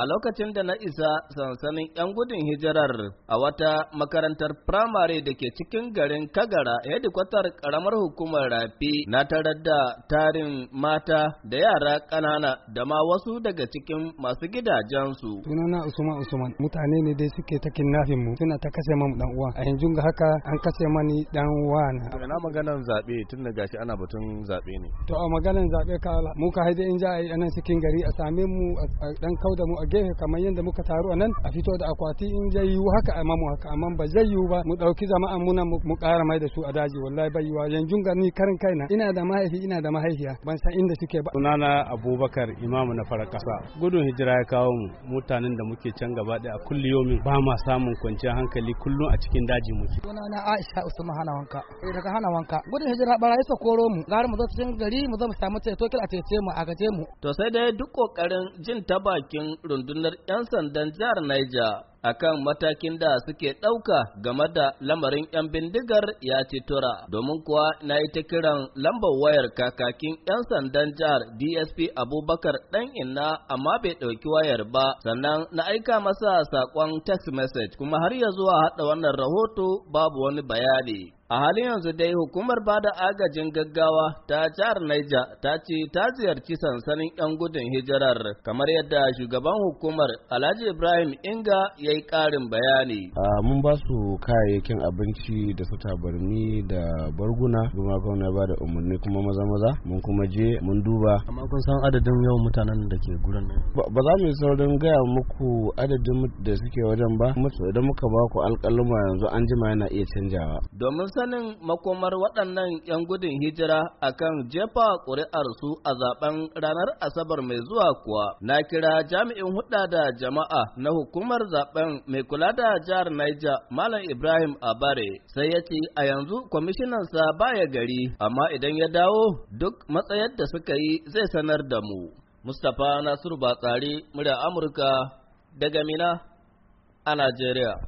A lokacin da na isa sansanin 'yan gudun hijirar a wata makarantar firamare da ke cikin garin Kagara, hedikwatar ƙaramar hukumar Rafi na tarar da tarin mata da yara ƙanana da ma wasu daga cikin masu gidajensu. Sunana Usman Usman, mutane ne dai suke ta kinnafin mu, suna ta kashe mamu dan uwa. A yanzu ga haka an kashe mani dan uwa na. Ina maganar zaɓe tun da gashi ana batun zaɓe ne. To a maganar zaɓe ka mu ka haide in za a yi anan cikin gari a same mu a dan kauda mu a gefe kamar yadda muka taru a nan a fito da akwati in zai yiwu haka a mamu haka amma ba zai yiwu ba mu ɗauki jama'an muna mu ƙara mai da su a daji wallahi bai yiwa yanzu ga ni karin kaina ina da mahaifi ina da mahaifiya ban san inda suke ba. sunana abubakar imamu na fara ƙasa gudun hijira ya kawo mu mutanen da muke can gaba ɗaya a kulliyomin ba ma samun kwanciyar hankali kullum a cikin daji muke. sunana aisha usman hana wanka eh, daga hana wanka gudun hijira bara sa koro mu gara mu zo cikin gari mu zo mu samu ceto kila a cece mu a gaje mu. to sai dai duk ƙoƙarin jin ta bakin rundunar 'yan sandan jihar Niger akan matakin da suke ɗauka game da lamarin 'yan bindigar ya ci tura domin kuwa na yi ta kiran lambar wayar kakakin 'yan sandan jihar dsp abubakar ɗan inna amma bai ɗauki wayar ba sannan na aika masa saƙon text message kuma har ya zuwa haɗa wannan rahoto babu wani bayani A halin yanzu dai hukumar bada agajin gaggawa ta jihar Niger ta ce ta ziyarci sansanin 'yan gudun hijirar kamar yadda shugaban hukumar Alhaji Ibrahim Inga ya ya yi ƙarin bayani. mun ba su kayayyakin abinci da su tabarni da barguna kuma gwamna ba da umarni kuma maza maza mun kuma je mun duba. amma kun san adadin yawan mutanen da ke gurin nan. ba za mu yi saurin gaya muku adadin da suke wajen ba idan muka ba ku alƙaluma yanzu an jima yana iya canjawa. domin sanin makomar waɗannan 'yan gudun hijira akan jefa ƙuri'ar su a zaben ranar asabar mai zuwa kuwa na kira jami'in huɗa da jama'a na hukumar zaben zaben mai kula da jihar Niger Malam Ibrahim Abare sai ya ce a yanzu kwamishinan sa baya gari amma idan ya dawo duk matsayar da suka yi zai sanar da mu. Mustapha Nasiru Batsari murya Amurka daga Mina a Najeriya.